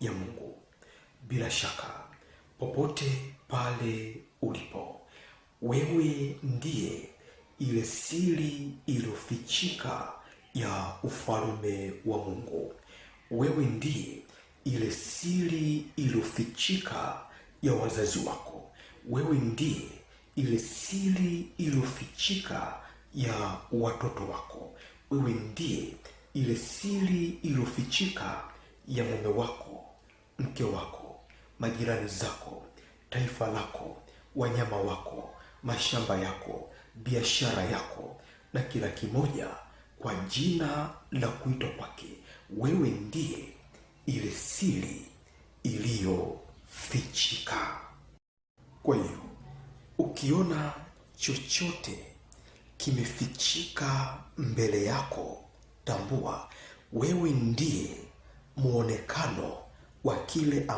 ya Mungu. Bila shaka popote pale ulipo wewe ndiye ile siri iliyofichika ya ufalme wa Mungu. Wewe ndiye ile siri iliyofichika ya wazazi wako. Wewe ndiye ile siri iliyofichika ya watoto wako. Wewe ndiye ile siri iliyofichika ya mume wako mke wako, majirani zako, taifa lako, wanyama wako, mashamba yako, biashara yako na kila kimoja kwa jina la kuitwa kwake. Wewe ndiye ile siri iliyofichika. Kwa hiyo ukiona chochote kimefichika mbele yako, tambua wewe ndiye muonekano wa kile